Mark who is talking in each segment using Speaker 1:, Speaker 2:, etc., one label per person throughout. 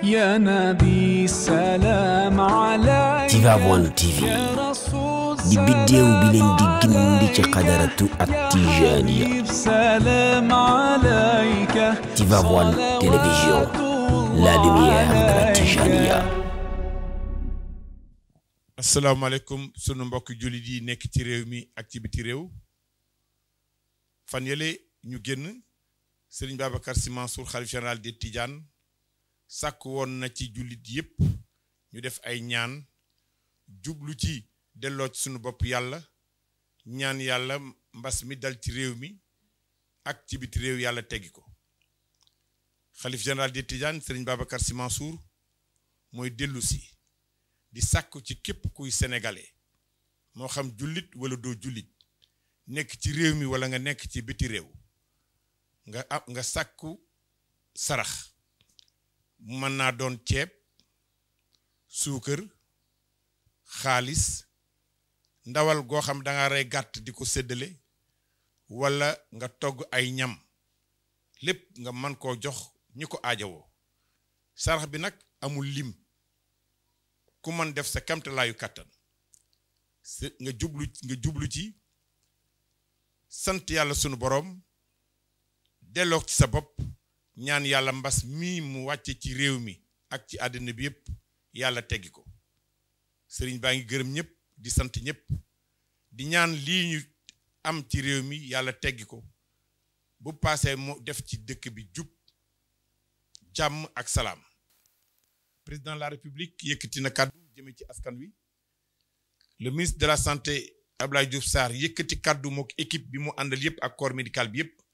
Speaker 1: Tivaouane TV di biddéew bi leen di gindi ci xadaratu ak tijaaniya Tivaouane télévision la lumière de la Assalamu alaikum. sunu mbokk jullit yi nekk ci réew mi ak ci biti rew fan yele ñu genn Serigne Babacar Sy Mansour xalif général des Tidianes sàkk woon na ci jullit yépp ñu def ay ñaan jublu ci delloo ci sunu bopp yàlla ñaan yàlla mbas mi dal ci réew mi ak ci biti réew yàlla teggi ko xalif général di Tidiane sëriñ Babacar Sy Mansour mooy dellusi di sàkku ci képp kuy senegale moo xam jullit wala doo jullit nekk ci réew mi wala nga nekk ci biti réew nga am nga sàkku sarax man na doon ceeb suukar xaalis ndawal goo xam da nga rey gàtt di ko wala nga togg ay ñam lépp nga man koo jox ñi ko aajawoo sarax bi nag amul lim ku man def sa yu kàttan nga jublu nga jublu ci sant yàlla sunu boroom delloo ci sa bopp ñaan yàlla mbas mii mu wàcce ci réew mi ak ci àddina bi yëpp yàlla teggi ko sëriñ baa ngi gërëm ñëpp di sant ñëpp di ñaan lii ñu am ci réew mi yàlla teggi ko bu paasee mu def ci dëkk bi jub jàmm ak salaam président la république yëkkati na kàddu jëme ci askan wi le ministre de la santé Abdoulaye Diouf saar yëkkati kàddu mook équipe bi mu àndal yëpp ak corps médical bi yëpp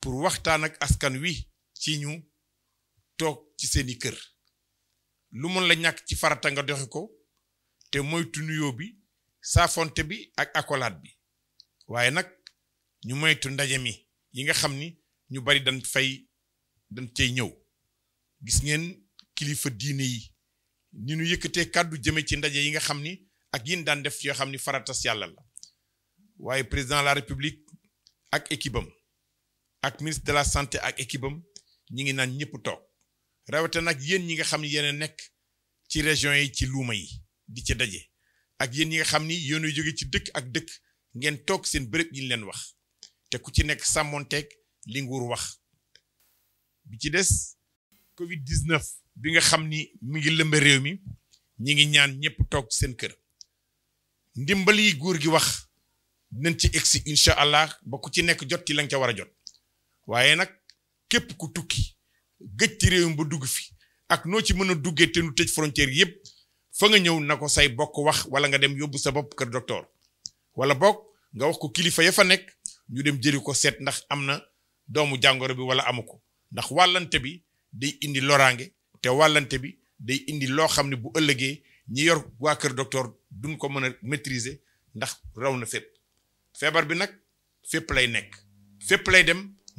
Speaker 1: pour waxtaan ak askan wi ci ñu toog ci seeni kër lu mën la ñàkk ci farata nga doxe ko te moytu nuyoo bi saafonte bi ak accolade bi waaye nag ñu moytu ndaje mi yi nga xam ni ñu bari dañ fay dañ cey ñëw gis ngeen kilifa diine yi ni ñu yëkkatee kàddu jëme ci ndaje yi nga xam ni ak yin daan def yoo xam ni faratas yàlla la waaye président la république ak équipe ak ministre de la santé ak équipe am ñi ngi naan ñëpp toog rawate nag yéen ñi nga xam ne yeneen nekk ci région yi ci luuma yi di ci daje ak yéen ñi nga xam ni yéen jóge ci dëkk ak dëkk ngeen toog seen bërëb gi leen wax te ku ci nekk sàmmoon teg li nguur wax bi ci des covid 19 bi nga xam ni mi ngi lëmba réew mi ñi ngi ñaan ñëpp toog seen kër ndimbal yi góor gi wax dinañ ci egsi incha allah ba ku ci nekk jot ci la nga ca war a jot waaye nag képp ku tukki gëj ci réewum ba dugg fi ak noo ci mën a duggee te nu tëj frontière yépp fa nga ñëw na ko say bokk wax wala nga dem yóbbu sa bopp kër docteur wala bokk nga wax ko kilifa ya fa nekk ñu dem jëri ko seet ndax am na doomu jàngoro bi wala amu ko ndax wàllante bi day indi loraange te wàllante bi day indi loo xam ne bu ëllëgee ñi yor waa kër doktor duñ ko mën a maîtriser ndax raw na fépp feebar bi nag fépp lay nekk fépp lay dem